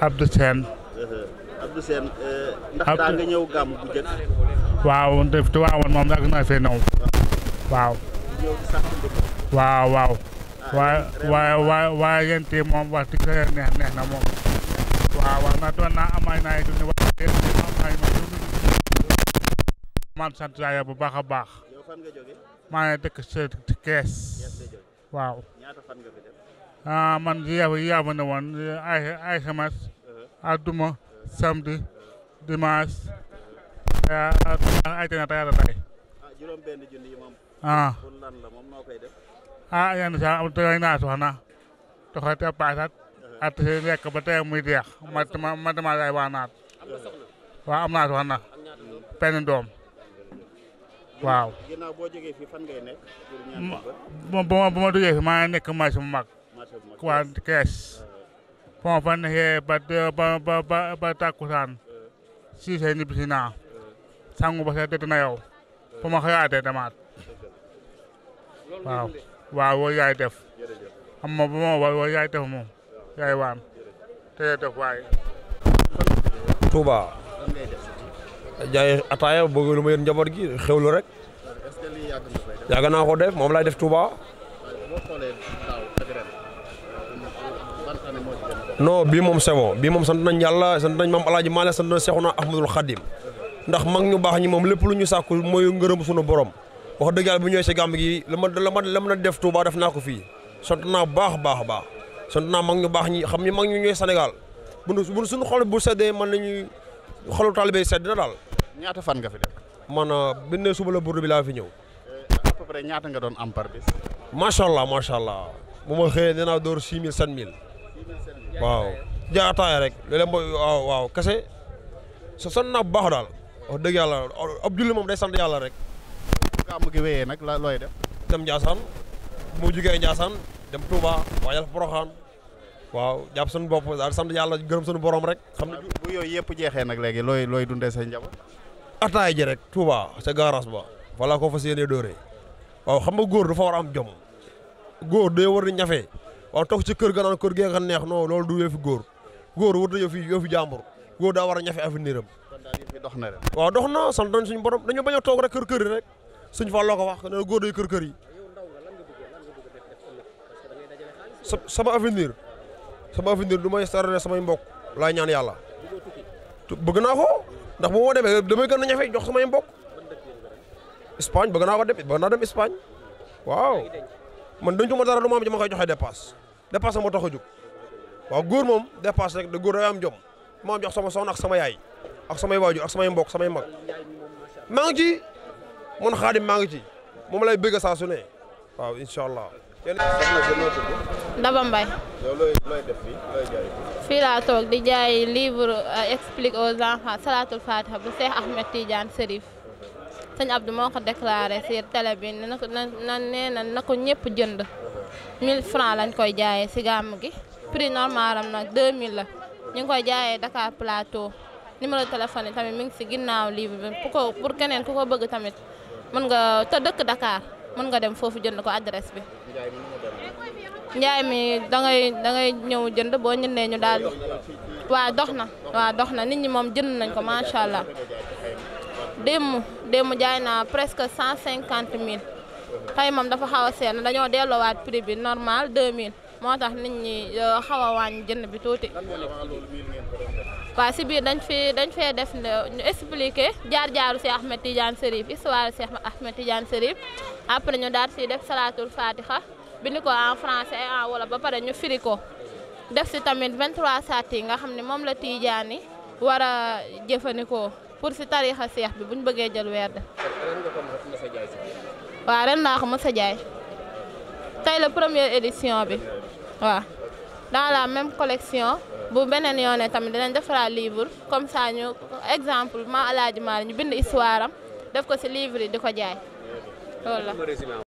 Abdou Sène. Abdou Sène eh, waaw def waawoon moom yàgg naa fee ñëw. waaw. waaw waaw. Ah, waaye waaye waaye yéen moom wax dëgg yàlla neex neex na moom. waaw wax na doon naa amaay naa yëngu ne wax dëgg sant yàlla baax a baax. maa ngi dëkk ci kees. waaw. Ah, man yàlla yàlla na woon ay ay semence. àdduma samedi dimanche altine talaata tay ah kon ah. lan la moom noo koy def ah yenn saa te paasat at si lekk ba tey muy deex ma ma dama waa naat waaw am naa soxna benn doom waaw. ginnaaw ma ba ma jógee fii maa nekk marché bu mag. mag waaw kees. fon fa nekkee ba takkusaan siisee ñibbisi naa sangu ba sa tëdd na yow fu ma damaat waaw waaw woo yaay def xam ma bu yaay def moom yaay waan te def waaye Touba jaay ataaya bëgg lu ma gi xewlu rek yàgg naa ko def moom laay def Touba non bii moom c'est bii moom sant nañ yàlla sant nañ maam alaaji Maalik sant nañ Seexuna Ahmadul Xadim ndax mag ñu baax ñi moom lépp lu ñu sàkku mooy ngërëm suñu borom wax dëgg yàlla bu ñëwee si gàmm gi la ma la ma la def Tuuba def naa ko fii sant naa baax baax baax sant naa mag ñu baax ñi xam ni mag ñu ñooy senegal bu bu suñu xol bu seddee man mën nañu xolu taalibe sedd na daal. ñaata fan nga fi def. man euh, bi ne suba la burdu bi laa fi ñëw. Euh, à peu ñaata nga doon am par macha allah macha allah bu ma xëyee nee naa door 6 000 7 000 waaw jaay ataaya rek léeg-léeg mooy waaw bu baax daal wax yàlla moom day sant yàlla rek. gàmm gi wéyee nag la looy def. dem Ndiassane bu ma jugee Ndiassane dem Touba waajal fa Porokhane waaw jàpp suñu bopp daal sant yàlla gërëm suñu borom rek. xam ne bu yooyu yëpp jeexee nag léegi looy looy dundee sa njaboot. ataaya ji rek Touba sa garage ba voilà koo fas yéenee dóoree waaw xam nga góor dafa war am jom góor day war ñafe. waaw toog ci kër ganaan kër gee nga neex non loolu du yëfi góor góor wut na yëfi yëfi jàmbur góor daa war a ñafe avenir am dox na rek waaw dox na sant nañ suñu borom dañu bañ a toog rek kër kër yi suñ fa ko wax ne góor day kër kër yi sama avenir sama avenir du may sarale samay mbok laa ñaan yàlla bëgg naa ko ndax bu ma demee damay gën na ñafe jox samay mbokk Espagne bëgg naa ko dem dem Espagne waaw man dañ denc ma dara lu ma am dama ko joxe dépasse dépasse moo tax a jóg waaw góor moom dépasse rek de góor am jom ma am jox sama soxna ak sama yaay ak samay waajur ak samay mbokk samay mag maa ngi ci man Xaadim maa ngi ci moom lay bëgg saa su ne waaw incha allah. Daba Mbaye. fii laa toog di jaay livre euh, explique aux enfants Salatul Fatiha bu Cheikh Ahmed Tidiane Serif. sëñ Abdou moo ko déclaré si télé bi na ko na nee na na ko ñëpp jënd 1000 francs lañ koy jaayee si gàmm gi prix normal nag nag 2000 la ñu ngi koy jaayee Dakar Plateau numéro téléphone yi tamit mu ngi si ginnaaw livre bi pour ko pour keneen ku ko bëgg tamit mën nga te dëkk Dakar mën nga dem foofu jënd ko adresse bi. njaay mi dangay ñëw jënd boo ñëndee ñu daal waaw dox na waa dox na nit ñi moom jënd nañ ko macha allah démb démb jaay naa presque cent cinquante mille tey moom dafa xaw a seer na dañoo delloowaat prix bi normal deux mille moo tax nit ñi euh, xaw a wàññi jënd bi tuuti. waaw si biir dañ fi dañ fee def ñu expliquer jaar-jaaru si Ahmed Tidiane Serif histoire si Ahmed Tidiane Serif après ñu daal si def salaatul fatiha bind ko en français en wolof ba pare ñu firi ko def si tamit 23 sat yi nga xam ne moom la Tidiane yi war a jëfandikoo. pour si tariixa seex bi buñ bëggee jël werd waaw ren laa ko mës a jaay tey la première édition bi waaw dans la même collection bu beneen yoone tamit dinañ defaraat livre comme ça ñu exemple ma laaj Maalik ñu bind histoire am def ko si livre yi di ko jaay loolu